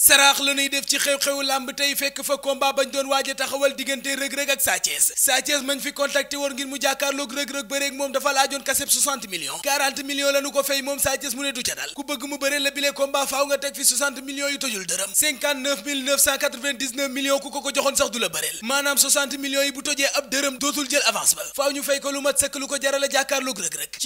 saraax la nuy def ci xew-xewu làmb tey fekk fa combat bañ doon waaj a taxawal diggante rëg-rëg ak Sa Thiès mañ fi contacté woon ngir mu jàkkaarloog rëg-rëg bëreeg moom dafa laajoon kaseb 60 millions 40 millions ko fay moom Sa mu ne du ca dal ku bëgg mu bëre la bile combat faaw nga teg fi 60 millions tojul dërëm 59 ku ko ko joxoon sax du la bëreel maanaam 60 yi bu tojee ab dërëm dootul jël avance ba faaw ñu fay ko lu mat sëkk lu ko jaral a jàkkaarloog rëg-rëg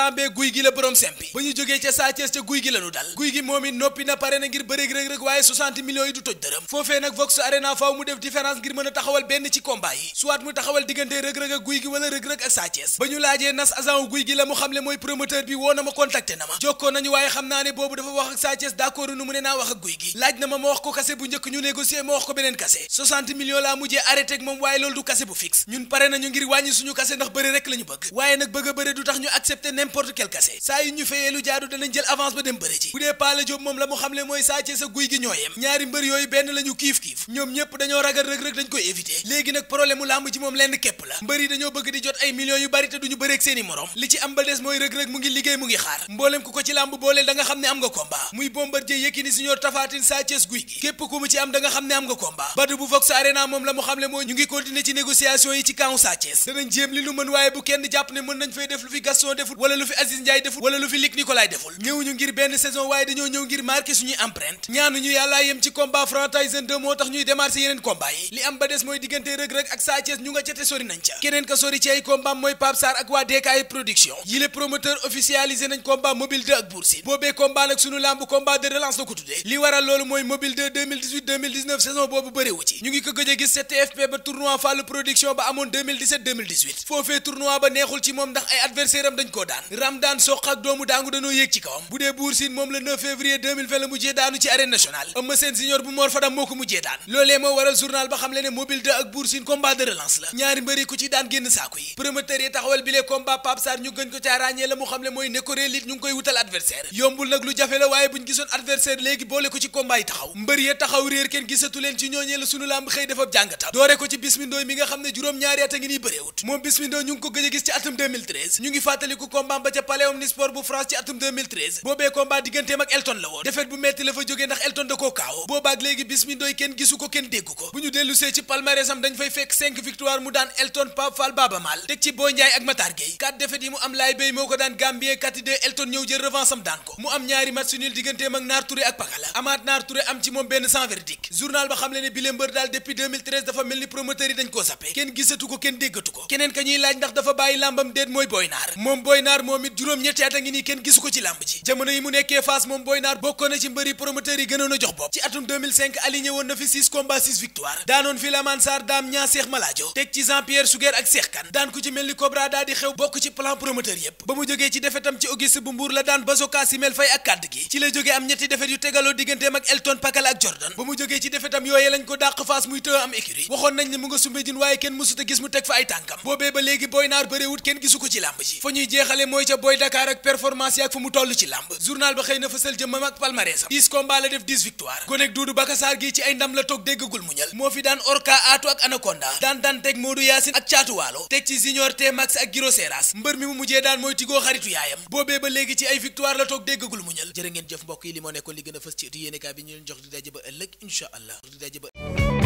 flambé guy ba ñu jógee ca Sa ca guy gi la dal guy gi moom it noppi na pare na ngir bëreeg Reug Reug waaye 60 millions yi du toj dërëm foofee nag Vox Arena faaw mu def différence ngir mën a taxawal benn ci combat yi soit mu taxawal diggante Reug Reug ak guy gi wala Reug Reug ak Sa ba ñu laajee nas agent guy gi la mu xam mooy promoteur bi woo ma contacté na ma jokkoo nañu waaye xam naa ne boobu dafa wax ak Sa d'accord nu mu ne naa n'importe quel kase saa yu ñu fayee lu jaadu danañ jël avance ba dem bëre bu dee Paala Jóob moom la mu xamle mooy Sa Thiès sa guy gi ñoo yem ñaari mbër yooyu benn la kiif-kiif ñoom ñépp dañoo ragal rëg-rëg dañ koy éviter léegi nag problème làmb ci moom lenn képp la mbër yi dañoo bëgg di jot ay millions yu bari te duñu bëreeg seeni morom li ci am ba des mooy rëg-rëg mu ngi liggéey mu ngi xaar mboolem ku ko ci làmb booleel da xam ne am nga combat lu fi Aziz Ndiaye deful wala lu fi Luc Nicolaï deful ñëwuñu ngir benn saison waaye dañoo ñëw ngir marqué suñuy empreinte ñaanuñu yàllaa yem ci combat Franc Tyson moo tax ñuy démarrer yeneen combat yi li am ba des mooy diggante Reug Reug ak Sa Thiès ñu nga ca te sori nañ ca keneen ka sori ci ay combat mooy Pape ak waa DKI production yi promoteur officialisé nañ combat mobile 2 ak Bour Sine boobee combat nag suñu lamb combat de relance la ko tuddee li waral loolu mooy mobile 2 2018 a gis CTFP ba tournoi Fall production ba Ramdan Soq ak doomu daangu dañoo yéeg ci kawam bu dee Buur Sine moom le février la mujjee daanu ci arène nationale Eumeu Sène Junior bu Mor Fadam moo ko mujjee daan loolee moo waral journal ba xam le ne Mobile 2 ak Buur Sine combat de relance la ñaari mbëri ku ci daan génn saako yi promoteur yi taxawal bile combat Pape ñu gën ko caa ràññee la mu xam le mooy nekkoree lit ñu ngi koy wutal adversaire yombul nag lu jafe la waaye buñ a ngi nii bëreewut moom Bismi Ndoy ñu ngi ko gëj a gis ci combat ba ca paléum nisport bu France ci atum 2013 boobee combat digganteem ak Elton la woon defet bu metti la fa jógee ndax Elton da koo kaawo boobaak léegi bis mi kenn gisu ko kenn déggu ko bu ñu dellu see ci palmarès am dañ fay fekk 5 victoire mu daan Elton Pape Fall Baba Mal teg ci Boy Ndiaye ak Matar Gueye 4 defet yi mu am laay béy moo ko daan Gambien 4-2 Elton ñëw jël revanche am daan ko mu am ñaari match nul digganteem ak Naar Touré ak Pakala amaat Naar Touré am ci moom benn sans xam ne bile mbër daal depuis 2013 dafa mel ni promoteur yi ko kenn déggatu ko keneen ka ñuy laaj ndax bàyyi làmbam déet mooy Boy Naar moom juróom-ñetti at a ngi nii kenn gisu ko ci làmb ji jamono yi mu nekkee Fass moom Boy bokkoon ci mbëri promoteur yi gënoon jox bopp ci atum 2005 woon na fi 6 combats 6 victoire daanoon fi Laman Sarr daam ñaa Seex Malaajo teg ci Jean Pierre Suguer ak Seex Kan daan ku ci mel ni Cobra xew bokk ci plan promoteur yépp ba mu jógee ci defetam ci Auguste bu Mbuur la daan Bazoka Simel Fay ak kàdd gi ci la jógee am ñetti defet yu tegaloo mooy ca Boy Dakar ak performance yi ak fu mu toll ci làmb journal ba xëy na fësal jëmmam ak palmarèsam dix combat la def dix victoire gonek Duudu Bakasaar gi ci ay ndam la toog déggagul mu ñal moo fi daan Orka Aatu ak Anaconda daan daan teg Modou Yaasin ak Caatu teg ci Junior T ak Giro mbër mi mu mujjee daan mooy tigoo xaritu yaayam boobee ba léegi ci ay victoire la toog déggagul mu ñal jërë ngeen jëf mbokk yi li li gën a fës ci